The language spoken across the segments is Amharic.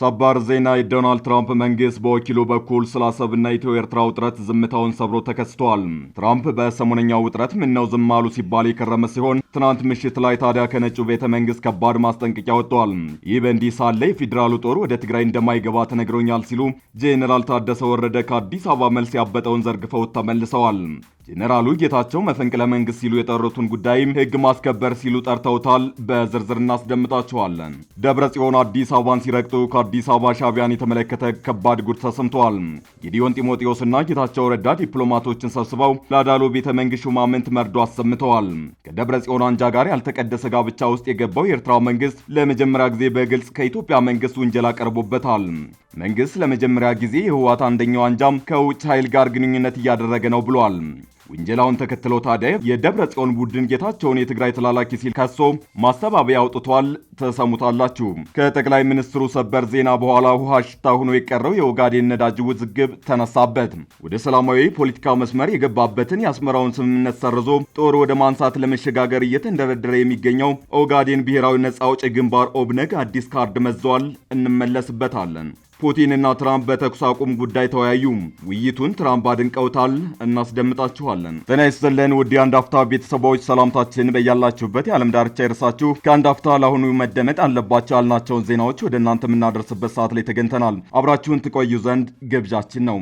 ሰባር ዜና የዶናልድ ትራምፕ መንግስት በወኪሉ በኩል ስለ አሰብና ኢትዮ ኤርትራ ውጥረት ዝምታውን ሰብሮ ተከስቷል። ትራምፕ በሰሞነኛው ውጥረት ምነው ዝም አሉ ሲባል የከረመ ሲሆን ትናንት ምሽት ላይ ታዲያ ከነጩ ቤተ መንግስት ከባድ ማስጠንቀቂያ ወጥቷል። ይህ በእንዲህ ሳለ የፌዴራሉ ጦር ወደ ትግራይ እንደማይገባ ተነግሮኛል ሲሉ ጄኔራል ታደሰ ወረደ ከአዲስ አበባ መልስ ያበጠውን ዘርግፈው ተመልሰዋል። ጄኔራሉ ጌታቸው መፈንቅለ መንግስት ሲሉ የጠሩትን ጉዳይም ህግ ማስከበር ሲሉ ጠርተውታል። በዝርዝር እናስደምጣቸዋለን። ደብረ ጽዮን አዲስ አበባን ሲረግጡ ከአዲስ አበባ ሻቢያን የተመለከተ ከባድ ጉድ ተሰምተዋል። ጌዲዮን ጢሞቴዎስና ጌታቸው ረዳ ዲፕሎማቶችን ሰብስበው ለአዳሎ ቤተ መንግስት ሹማምንት መርዶ አሰምተዋል። ከደብረ ጽዮን አንጃ ጋር ያልተቀደሰ ጋብቻ ውስጥ የገባው የኤርትራ መንግስት ለመጀመሪያ ጊዜ በግልጽ ከኢትዮጵያ መንግስት ውንጀላ ቀርቦበታል። መንግስት ለመጀመሪያ ጊዜ የህወሓት አንደኛው አንጃም ከውጭ ኃይል ጋር ግንኙነት እያደረገ ነው ብሏል። ውንጀላውን ተከትሎ ታዲያ የደብረ ጽዮን ቡድን ጌታቸውን የትግራይ ተላላኪ ሲል ከሶ ማስተባበያ አውጥቷል። ተሰሙታላችሁ። ከጠቅላይ ሚኒስትሩ ሰበር ዜና በኋላ ውሃ ሽታ ሆኖ የቀረው የኦጋዴን ነዳጅ ውዝግብ ተነሳበት። ወደ ሰላማዊ ፖለቲካ መስመር የገባበትን የአስመራውን ስምምነት ሰርዞ ጦር ወደ ማንሳት ለመሸጋገር እየተንደረደረ የሚገኘው ኦጋዴን ብሔራዊ ነጻ አውጪ ግንባር ኦብነግ አዲስ ካርድ መዘዋል። እንመለስበታለን። ፑቲንና ትራምፕ በተኩስ አቁም ጉዳይ ተወያዩ። ውይይቱን ትራምፕ አድንቀውታል። እናስደምጣችኋለን። ጤና ይስጥልን ውድ የአንድ አፍታ ቤተሰቦች፣ ሰላምታችን በያላችሁበት የዓለም ዳርቻ ይርሳችሁ። ከአንድ አፍታ ለአሁኑ መደመጥ አለባቸው ያልናቸውን ዜናዎች ወደ እናንተ የምናደርስበት ሰዓት ላይ ተገኝተናል። አብራችሁን ትቆዩ ዘንድ ግብዣችን ነው።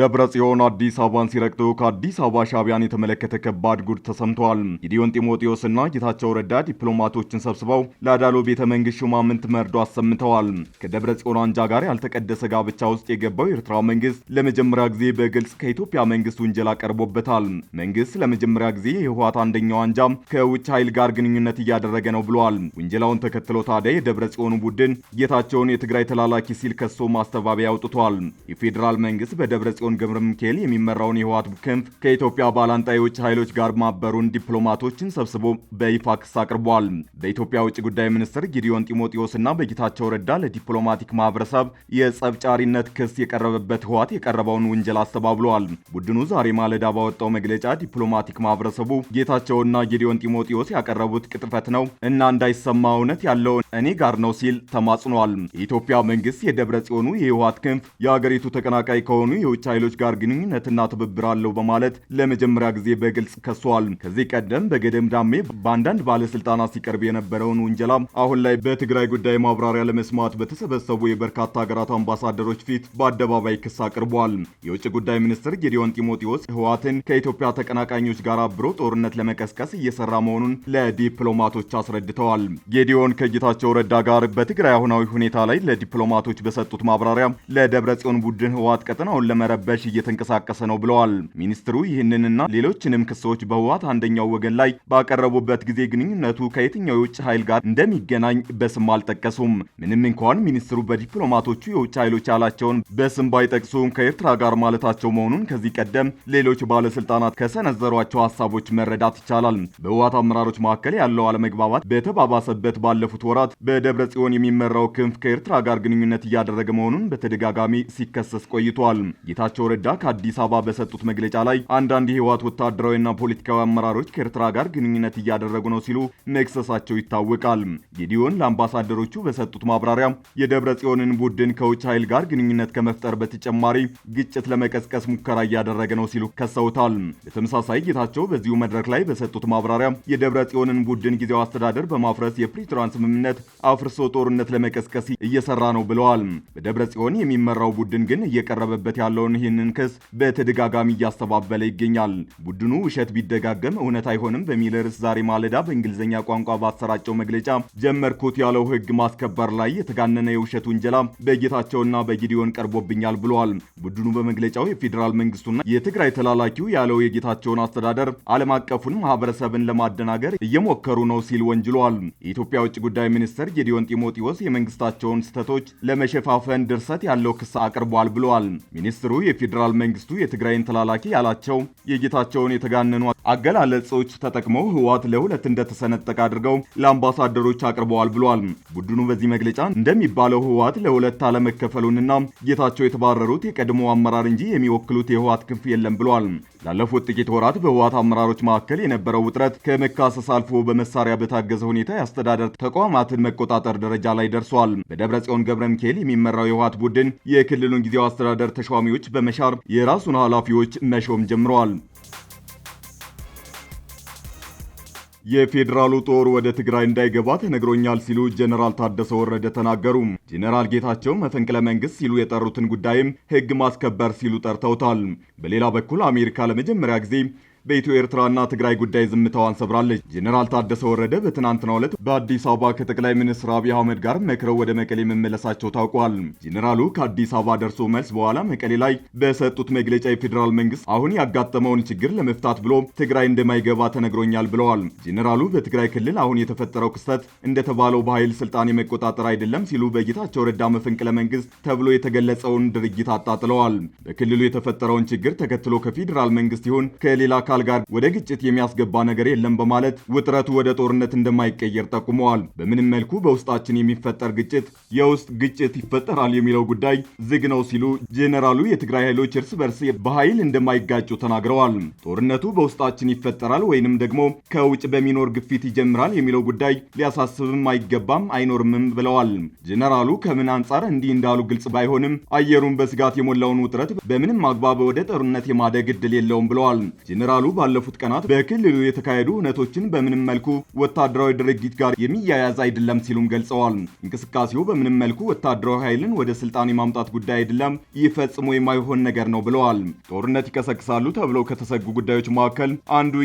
ደብረ ጽዮን አዲስ አበባን ሲረግጡ ከአዲስ አበባ ሻቢያን የተመለከተ ከባድ ጉድ ተሰምተዋል። ጌዲዮን ጢሞቴዎስ እና ጌታቸው ረዳ ዲፕሎማቶችን ሰብስበው ለአዳሎ ቤተ መንግስት ሹማምንት መርዶ አሰምተዋል። ከደብረ ጽዮን አንጃ ጋር ያልተቀደሰ ጋብቻ ውስጥ የገባው የኤርትራ መንግስት ለመጀመሪያ ጊዜ በግልጽ ከኢትዮጵያ መንግስት ውንጀላ ቀርቦበታል። መንግስት ለመጀመሪያ ጊዜ የህወሓት አንደኛው አንጃ ከውጭ ኃይል ጋር ግንኙነት እያደረገ ነው ብለዋል። ውንጀላውን ተከትሎ ታዲያ የደብረ ጽዮኑ ቡድን ጌታቸውን የትግራይ ተላላኪ ሲል ከሶ ማስተባበያ አውጥቷል። የፌዴራል መንግስት በደብረ ጽዮን ገብረ ሚካኤል የሚመራውን የህወሓት ክንፍ ከኢትዮጵያ ባላንጣ የውጭ ኃይሎች ጋር ማበሩን ዲፕሎማቶችን ሰብስቦ በይፋ ክስ አቅርቧል። በኢትዮጵያ ውጭ ጉዳይ ሚኒስትር ጊዲዮን ጢሞቴዎስና በጌታቸው ረዳ ለዲፕሎማቲክ ማህበረሰብ የጸብጫሪነት ክስ የቀረበበት ህወሓት የቀረበውን ውንጀል አስተባብለዋል። ቡድኑ ዛሬ ማለዳ ባወጣው መግለጫ ዲፕሎማቲክ ማህበረሰቡ ጌታቸውና ጊዲዮን ጢሞቴዎስ ያቀረቡት ቅጥፈት ነው እና እንዳይሰማ እውነት ያለው እኔ ጋር ነው ሲል ተማጽኗል። የኢትዮጵያ መንግስት የደብረ ጽዮኑ የህወሓት ክንፍ የአገሪቱ ተቀናቃይ ከሆኑ የውጭ ኃይሎች ጋር ግንኙነትና ትብብር አለው በማለት ለመጀመሪያ ጊዜ በግልጽ ከሷል። ከዚህ ቀደም በገደም ዳሜ በአንዳንድ ባለስልጣናት ሲቀርብ የነበረውን ውንጀላ አሁን ላይ በትግራይ ጉዳይ ማብራሪያ ለመስማት በተሰበሰቡ የበርካታ ሀገራት አምባሳደሮች ፊት በአደባባይ ክስ አቅርቧል። የውጭ ጉዳይ ሚኒስትር ጌዲዮን ጢሞቴዎስ ህወሓትን ከኢትዮጵያ ተቀናቃኞች ጋር አብሮ ጦርነት ለመቀስቀስ እየሰራ መሆኑን ለዲፕሎማቶች አስረድተዋል። ጌዲዮን ከጌታቸው ረዳ ጋር በትግራይ አሁናዊ ሁኔታ ላይ ለዲፕሎማቶች በሰጡት ማብራሪያ ለደብረ ጽዮን ቡድን ህወሓት ቀጠናውን ለመረብ ሊረበሽ እየተንቀሳቀሰ ነው ብለዋል። ሚኒስትሩ ይህንንና ሌሎችንም ክሶች በህወሓት አንደኛው ወገን ላይ ባቀረቡበት ጊዜ ግንኙነቱ ከየትኛው የውጭ ኃይል ጋር እንደሚገናኝ በስም አልጠቀሱም። ምንም እንኳን ሚኒስትሩ በዲፕሎማቶቹ የውጭ ኃይሎች ያላቸውን በስም ባይጠቅሱም ከኤርትራ ጋር ማለታቸው መሆኑን ከዚህ ቀደም ሌሎች ባለስልጣናት ከሰነዘሯቸው ሀሳቦች መረዳት ይቻላል። በህወሓት አመራሮች መካከል ያለው አለመግባባት በተባባሰበት ባለፉት ወራት በደብረ ጽዮን የሚመራው ክንፍ ከኤርትራ ጋር ግንኙነት እያደረገ መሆኑን በተደጋጋሚ ሲከሰስ ቆይቷል። ጌታቸው ረዳ ከአዲስ አበባ በሰጡት መግለጫ ላይ አንዳንድ የህወሓት ወታደራዊና ፖለቲካዊ አመራሮች ከኤርትራ ጋር ግንኙነት እያደረጉ ነው ሲሉ መክሰሳቸው ይታወቃል። ጌዲዮን ለአምባሳደሮቹ በሰጡት ማብራሪያ የደብረ ጽዮንን ቡድን ከውጭ ኃይል ጋር ግንኙነት ከመፍጠር በተጨማሪ ግጭት ለመቀስቀስ ሙከራ እያደረገ ነው ሲሉ ከሰውታል። በተመሳሳይ ጌታቸው በዚሁ መድረክ ላይ በሰጡት ማብራሪያ የደብረ ጽዮንን ቡድን ጊዜው አስተዳደር በማፍረስ የፕሪቶሪያን ስምምነት አፍርሶ ጦርነት ለመቀስቀስ እየሰራ ነው ብለዋል። በደብረ ጽዮን የሚመራው ቡድን ግን እየቀረበበት ያለውን ይህንን ክስ በተደጋጋሚ እያስተባበለ ይገኛል። ቡድኑ ውሸት ቢደጋገም እውነት አይሆንም በሚል ርዕስ ዛሬ ማለዳ በእንግሊዝኛ ቋንቋ ባሰራጨው መግለጫ ጀመርኩት ያለው ሕግ ማስከበር ላይ የተጋነነ የውሸት ውንጀላ በጌታቸውና በጊዲዮን ቀርቦብኛል ብለዋል። ቡድኑ በመግለጫው የፌዴራል መንግስቱና የትግራይ ተላላኪው ያለው የጌታቸውን አስተዳደር ዓለም አቀፉን ማህበረሰብን ለማደናገር እየሞከሩ ነው ሲል ወንጅሏል። የኢትዮጵያ ውጭ ጉዳይ ሚኒስትር ጌዲዮን ጢሞቴዎስ የመንግስታቸውን ስህተቶች ለመሸፋፈን ድርሰት ያለው ክስ አቅርቧል ብለዋል። ሚኒስትሩ የፌዴራል መንግስቱ የትግራይን ተላላኪ ያላቸው የጌታቸውን የተጋነኑ አገላለጾች ተጠቅመው ህወሓት ለሁለት እንደተሰነጠቀ አድርገው ለአምባሳደሮች አቅርበዋል ብሏል። ቡድኑ በዚህ መግለጫ እንደሚባለው ህወሓት ለሁለት አለመከፈሉንና ጌታቸው የተባረሩት የቀድሞ አመራር እንጂ የሚወክሉት የህወሓት ክንፍ የለም ብሏል። ላለፉት ጥቂት ወራት በህወሓት አመራሮች መካከል የነበረው ውጥረት ከመካሰስ አልፎ በመሳሪያ በታገዘ ሁኔታ የአስተዳደር ተቋማትን መቆጣጠር ደረጃ ላይ ደርሷል። በደብረ ጽዮን ገብረ ሚካኤል የሚመራው የህወሓት ቡድን የክልሉን ጊዜያዊ አስተዳደር ተሿሚዎች በመሻር የራሱን ኃላፊዎች መሾም ጀምረዋል። የፌዴራሉ ጦር ወደ ትግራይ እንዳይገባ ተነግሮኛል ሲሉ ጀነራል ታደሰ ወረደ ተናገሩ። ጀነራል ጌታቸው መፈንቅለ መንግስት ሲሉ የጠሩትን ጉዳይም ህግ ማስከበር ሲሉ ጠርተውታል። በሌላ በኩል አሜሪካ ለመጀመሪያ ጊዜ በኢትዮ ኤርትራና ትግራይ ጉዳይ ዝምታዋን ሰብራለች። ጄኔራል ታደሰ ወረደ በትናንትናው ዕለት በአዲስ አበባ ከጠቅላይ ሚኒስትር አብይ አህመድ ጋር መክረው ወደ መቀሌ መመለሳቸው ታውቋል። ጄኔራሉ ከአዲስ አበባ ደርሶ መልስ በኋላ መቀሌ ላይ በሰጡት መግለጫ የፌዴራል መንግስት አሁን ያጋጠመውን ችግር ለመፍታት ብሎ ትግራይ እንደማይገባ ተነግሮኛል ብለዋል። ጄኔራሉ በትግራይ ክልል አሁን የተፈጠረው ክስተት እንደተባለው በኃይል ስልጣን የመቆጣጠር አይደለም ሲሉ በጌታቸው ረዳ መፈንቅለ መንግስት ተብሎ የተገለጸውን ድርጊት አጣጥለዋል። በክልሉ የተፈጠረውን ችግር ተከትሎ ከፌዴራል መንግስት ይሁን ከሌላ አካል ጋር ወደ ግጭት የሚያስገባ ነገር የለም በማለት ውጥረቱ ወደ ጦርነት እንደማይቀየር ጠቁመዋል። በምንም መልኩ በውስጣችን የሚፈጠር ግጭት የውስጥ ግጭት ይፈጠራል የሚለው ጉዳይ ዝግ ነው ሲሉ ጄኔራሉ የትግራይ ኃይሎች እርስ በርስ በኃይል እንደማይጋጩ ተናግረዋል። ጦርነቱ በውስጣችን ይፈጠራል ወይንም ደግሞ ከውጭ በሚኖር ግፊት ይጀምራል የሚለው ጉዳይ ሊያሳስብም አይገባም አይኖርምም ብለዋል። ጄኔራሉ ከምን አንጻር እንዲህ እንዳሉ ግልጽ ባይሆንም አየሩን በስጋት የሞላውን ውጥረት በምንም አግባብ ወደ ጦርነት የማደግ እድል የለውም ብለዋል። ጄኔራሉ ጄኔራሉ ባለፉት ቀናት በክልሉ የተካሄዱ እውነቶችን በምንም መልኩ ወታደራዊ ድርጊት ጋር የሚያያዝ አይደለም ሲሉም ገልጸዋል። እንቅስቃሴው በምንም መልኩ ወታደራዊ ኃይልን ወደ ስልጣን የማምጣት ጉዳይ አይደለም፣ ይህ ፈጽሞ የማይሆን ነገር ነው ብለዋል። ጦርነት ይቀሰቅሳሉ ተብለው ከተሰጉ ጉዳዮች መካከል አንዱ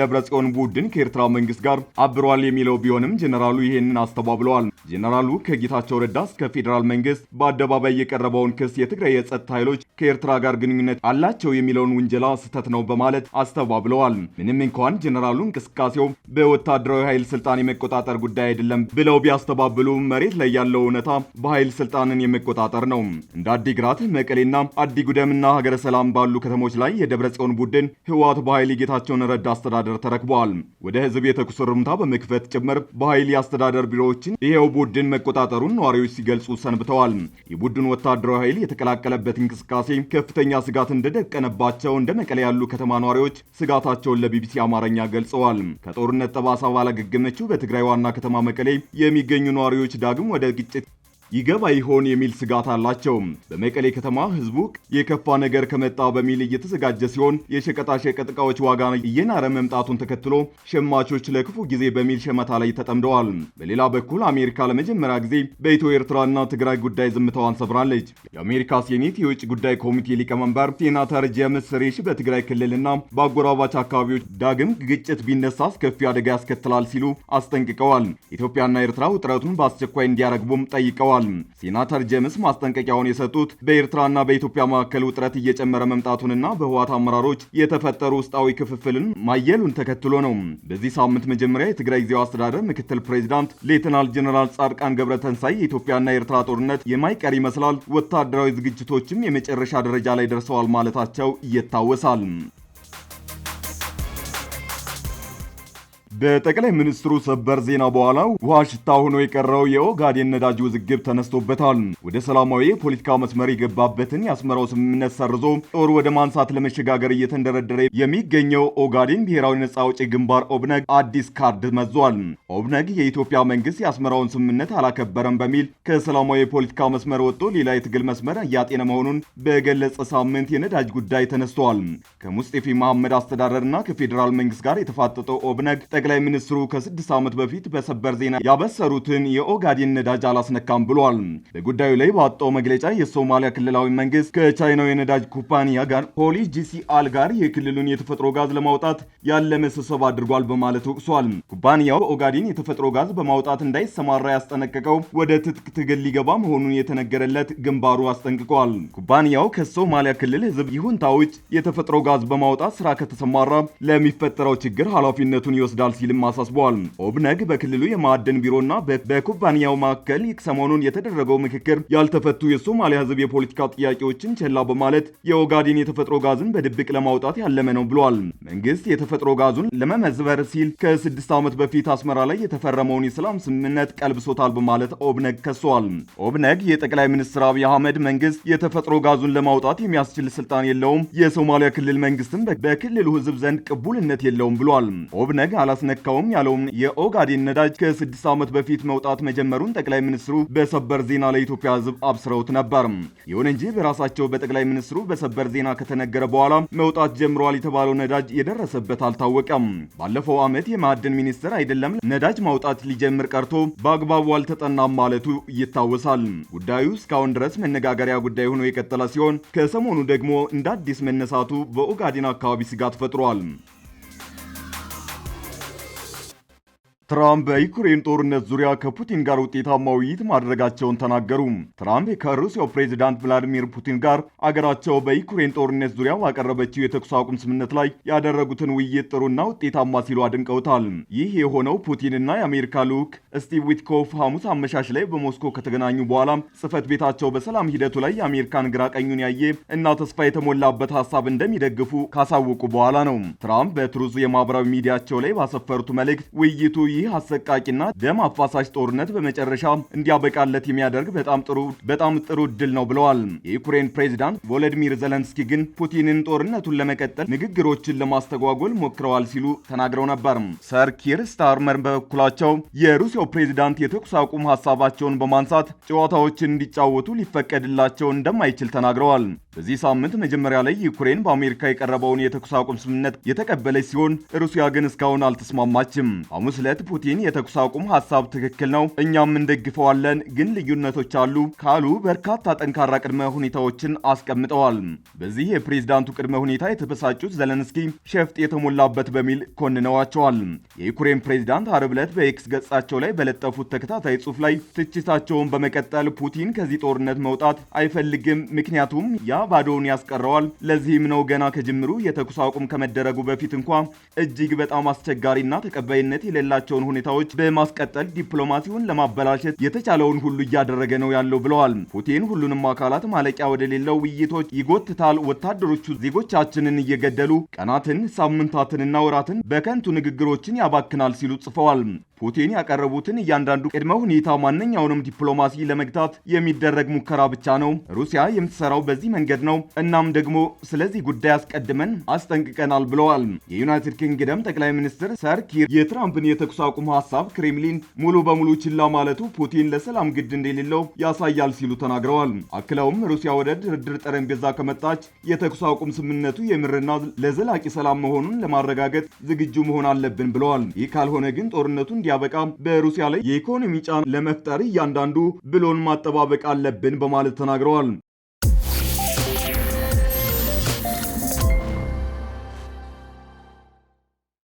ደብረ ጽዮን ቡድን ከኤርትራ መንግስት ጋር አብሯል የሚለው ቢሆንም ጄኔራሉ ይህንን አስተባብለዋል። ጄኔራሉ ከጌታቸው ረዳ እስከ ፌዴራል መንግስት በአደባባይ የቀረበውን ክስ የትግራይ የጸጥታ ኃይሎች ከኤርትራ ጋር ግንኙነት አላቸው የሚለውን ውንጀላ ስህተት ነው በማለት አስተ አስተባብለዋል። ምንም እንኳን ጀነራሉ እንቅስቃሴው በወታደራዊ ኃይል ስልጣን የመቆጣጠር ጉዳይ አይደለም ብለው ቢያስተባብሉ መሬት ላይ ያለው እውነታ በኃይል ስልጣንን የመቆጣጠር ነው። እንደ አዲግራት፣ መቀሌና አዲጉደምና ሀገረ ሰላም ባሉ ከተሞች ላይ የደብረ ጽዮን ቡድን ህወሓት በኃይል ጌታቸውን ረዳ አስተዳደር ተረክበዋል። ወደ ህዝብ የተኩስ እርምታ በመክፈት ጭምር በኃይል የአስተዳደር ቢሮዎችን ይኸው ቡድን መቆጣጠሩን ነዋሪዎች ሲገልጹ ሰንብተዋል። የቡድን ወታደራዊ ኃይል የተቀላቀለበት እንቅስቃሴ ከፍተኛ ስጋት እንደደቀነባቸው እንደ መቀሌ ያሉ ከተማ ነዋሪዎች ስጋታቸውን ለቢቢሲ አማርኛ ገልጸዋል። ከጦርነት ጠባሳ ባላገገመችው በትግራይ ዋና ከተማ መቀሌ የሚገኙ ነዋሪዎች ዳግም ወደ ግጭት ይገባ ይሆን የሚል ስጋት አላቸው። በመቀሌ ከተማ ህዝቡ የከፋ ነገር ከመጣ በሚል እየተዘጋጀ ሲሆን የሸቀጣሸቀጥ እቃዎች ዋጋ እየናረ መምጣቱን ተከትሎ ሸማቾች ለክፉ ጊዜ በሚል ሸመታ ላይ ተጠምደዋል። በሌላ በኩል አሜሪካ ለመጀመሪያ ጊዜ በኢትዮ ኤርትራና ትግራይ ጉዳይ ዝምታዋን ሰብራለች። የአሜሪካ ሴኔት የውጭ ጉዳይ ኮሚቴ ሊቀመንበር ሴናተር ጄምስ ሬሽ በትግራይ ክልልና በአጎራባች አካባቢዎች ዳግም ግጭት ቢነሳ አስከፊ አደጋ ያስከትላል ሲሉ አስጠንቅቀዋል። ኢትዮጵያና ኤርትራ ውጥረቱን በአስቸኳይ እንዲያረግቡም ጠይቀዋል። ተናግረዋል። ሴናተር ጀምስ ማስጠንቀቂያውን የሰጡት በኤርትራና በኢትዮጵያ መካከል ውጥረት እየጨመረ መምጣቱንና በህወሓት አመራሮች የተፈጠሩ ውስጣዊ ክፍፍልን ማየሉን ተከትሎ ነው። በዚህ ሳምንት መጀመሪያ የትግራይ ጊዜያዊ አስተዳደር ምክትል ፕሬዚዳንት ሌተናል ጀኔራል ጻድቃን ገብረተንሳይ የኢትዮጵያና የኤርትራ ጦርነት የማይቀር ይመስላል፣ ወታደራዊ ዝግጅቶችም የመጨረሻ ደረጃ ላይ ደርሰዋል ማለታቸው ይታወሳል። በጠቅላይ ሚኒስትሩ ሰበር ዜና በኋላ ውሃ ሽታ ሆኖ የቀረው የኦጋዴን ነዳጅ ውዝግብ ተነስቶበታል። ወደ ሰላማዊ የፖለቲካ መስመር የገባበትን የአስመራው ስምምነት ሰርዞ ጦር ወደ ማንሳት ለመሸጋገር እየተንደረደረ የሚገኘው ኦጋዴን ብሔራዊ ነጻ አውጪ ግንባር ኦብነግ አዲስ ካርድ መዟል። ኦብነግ የኢትዮጵያ መንግስት የአስመራውን ስምምነት አላከበረም በሚል ከሰላማዊ የፖለቲካ መስመር ወጥቶ ሌላ የትግል መስመር እያጤነ መሆኑን በገለጸ ሳምንት የነዳጅ ጉዳይ ተነስተዋል። ከሙስጢፊ መሐመድ አስተዳደርና ከፌዴራል መንግስት ጋር የተፋጠጠው ኦብነግ ጠቅላይ ሚኒስትሩ ከስድስት ዓመት በፊት በሰበር ዜና ያበሰሩትን የኦጋዴን ነዳጅ አላስነካም ብሏል። በጉዳዩ ላይ ባወጣው መግለጫ የሶማሊያ ክልላዊ መንግስት ከቻይናው የነዳጅ ኩባንያ ጋር ፖሊ ጂሲአል ጋር የክልሉን የተፈጥሮ ጋዝ ለማውጣት ያለመ ስብሰባ አድርጓል በማለት ወቅሷል። ኩባንያው በኦጋዴን የተፈጥሮ ጋዝ በማውጣት እንዳይሰማራ ያስጠነቀቀው ወደ ትጥቅ ትግል ሊገባ መሆኑን የተነገረለት ግንባሩ አስጠንቅቋል። ኩባንያው ከሶማሊያ ክልል ህዝብ ይሁንታ ውጭ የተፈጥሮ ጋዝ በማውጣት ስራ ከተሰማራ ለሚፈጠረው ችግር ኃላፊነቱን ይወስዳል ሲልም አሳስቧል። ኦብነግ በክልሉ የማዕደን ቢሮና በኩባንያው መካከል ሰሞኑን የተደረገው ምክክር ያልተፈቱ የሶማሊያ ሕዝብ የፖለቲካ ጥያቄዎችን ችላ በማለት የኦጋዴን የተፈጥሮ ጋዝን በድብቅ ለማውጣት ያለመ ነው ብሏል። መንግስት የተፈጥሮ ጋዙን ለመመዝበር ሲል ከስድስት ዓመት በፊት አስመራ ላይ የተፈረመውን የሰላም ስምምነት ቀልብሶታል በማለት ኦብነግ ከሷል። ኦብነግ የጠቅላይ ሚኒስትር አብይ አህመድ መንግስት የተፈጥሮ ጋዙን ለማውጣት የሚያስችል ስልጣን የለውም፣ የሶማሊያ ክልል መንግስትም በክልሉ ሕዝብ ዘንድ ቅቡልነት የለውም ብሏል። ኦብነግ አላስ አላስነካውም ያለውም የኦጋዴን ነዳጅ ከስድስት ዓመት በፊት መውጣት መጀመሩን ጠቅላይ ሚኒስትሩ በሰበር ዜና ለኢትዮጵያ ሕዝብ አብስረውት ነበር። ይሁን እንጂ በራሳቸው በጠቅላይ ሚኒስትሩ በሰበር ዜና ከተነገረ በኋላ መውጣት ጀምረዋል የተባለው ነዳጅ የደረሰበት አልታወቀም። ባለፈው ዓመት የማዕድን ሚኒስትር አይደለም ነዳጅ ማውጣት ሊጀምር ቀርቶ በአግባቡ አልተጠናም ማለቱ ይታወሳል። ጉዳዩ እስካሁን ድረስ መነጋገሪያ ጉዳይ ሆኖ የቀጠለ ሲሆን ከሰሞኑ ደግሞ እንደ አዲስ መነሳቱ በኦጋዴን አካባቢ ስጋት ፈጥሯል። ትራምፕ በዩክሬን ጦርነት ዙሪያ ከፑቲን ጋር ውጤታማ ውይይት ማድረጋቸውን ተናገሩ። ትራምፕ ከሩሲያው ፕሬዚዳንት ቭላዲሚር ፑቲን ጋር አገራቸው በዩክሬን ጦርነት ዙሪያ ባቀረበችው የተኩስ አቁም ስምነት ላይ ያደረጉትን ውይይት ጥሩና ውጤታማ ሲሉ አድንቀውታል። ይህ የሆነው ፑቲንና የአሜሪካ ልዑክ ስቲቭ ዊትኮፍ ሐሙስ አመሻሽ ላይ በሞስኮ ከተገናኙ በኋላ ጽህፈት ቤታቸው በሰላም ሂደቱ ላይ የአሜሪካን ግራ ቀኙን ያየ እና ተስፋ የተሞላበት ሀሳብ እንደሚደግፉ ካሳወቁ በኋላ ነው። ትራምፕ በትሩዙ የማህበራዊ ሚዲያቸው ላይ ባሰፈሩት መልእክት ውይይቱ ይህ አሰቃቂና ደም አፋሳሽ ጦርነት በመጨረሻ እንዲያበቃለት የሚያደርግ በጣም ጥሩ በጣም ጥሩ እድል ነው ብለዋል። የዩክሬን ፕሬዚዳንት ቮሎዲሚር ዘለንስኪ ግን ፑቲንን ጦርነቱን ለመቀጠል ንግግሮችን ለማስተጓጎል ሞክረዋል ሲሉ ተናግረው ነበር። ሰር ኪር ስታርመር በበኩላቸው የሩሲያው ፕሬዚዳንት የተኩስ አቁም ሀሳባቸውን በማንሳት ጨዋታዎችን እንዲጫወቱ ሊፈቀድላቸው እንደማይችል ተናግረዋል። በዚህ ሳምንት መጀመሪያ ላይ ዩክሬን በአሜሪካ የቀረበውን የተኩስ አቁም ስምምነት የተቀበለች ሲሆን ሩሲያ ግን እስካሁን አልተስማማችም። ሐሙስ ዕለት ፑቲን የተኩስ አቁም ሀሳብ ትክክል ነው፣ እኛም እንደግፈዋለን፣ ግን ልዩነቶች አሉ ካሉ በርካታ ጠንካራ ቅድመ ሁኔታዎችን አስቀምጠዋል። በዚህ የፕሬዝዳንቱ ቅድመ ሁኔታ የተበሳጩት ዘለንስኪ ሸፍጥ የተሞላበት በሚል ኮንነዋቸዋል። የዩክሬን ፕሬዝዳንት አርብ ዕለት በኤክስ ገጻቸው ላይ በለጠፉት ተከታታይ ጽሑፍ ላይ ትችታቸውን በመቀጠል ፑቲን ከዚህ ጦርነት መውጣት አይፈልግም፣ ምክንያቱም ያ ባዶውን ያስቀረዋል። ለዚህም ነው ገና ከጅምሩ የተኩስ አቁም ከመደረጉ በፊት እንኳ እጅግ በጣም አስቸጋሪና ተቀባይነት የሌላቸውን ሁኔታዎች በማስቀጠል ዲፕሎማሲውን ለማበላሸት የተቻለውን ሁሉ እያደረገ ነው ያለው ብለዋል። ፑቲን ሁሉንም አካላት ማለቂያ ወደሌለው ውይይቶች ይጎትታል። ወታደሮቹ ዜጎቻችንን እየገደሉ ቀናትን፣ ሳምንታትንና ወራትን በከንቱ ንግግሮችን ያባክናል ሲሉ ጽፈዋል። ፑቲን ያቀረቡትን እያንዳንዱ ቅድመ ሁኔታ ማንኛውንም ዲፕሎማሲ ለመግታት የሚደረግ ሙከራ ብቻ ነው። ሩሲያ የምትሰራው በዚህ መንገድ ነው። እናም ደግሞ ስለዚህ ጉዳይ አስቀድመን አስጠንቅቀናል ብለዋል። የዩናይትድ ኪንግደም ጠቅላይ ሚኒስትር ሰር ኪር የትራምፕን የተኩስ አቁም ሀሳብ ክሬምሊን ሙሉ በሙሉ ችላ ማለቱ ፑቲን ለሰላም ግድ እንደሌለው ያሳያል ሲሉ ተናግረዋል። አክለውም ሩሲያ ወደ ድርድር ጠረጴዛ ከመጣች የተኩስ አቁም ስምምነቱ የምርና ለዘላቂ ሰላም መሆኑን ለማረጋገጥ ዝግጁ መሆን አለብን ብለዋል። ይህ ካልሆነ ግን ጦርነቱ ቢያበቃም በሩሲያ ላይ የኢኮኖሚ ጫና ለመፍጠር እያንዳንዱ ብሎን ማጠባበቅ አለብን በማለት ተናግረዋል።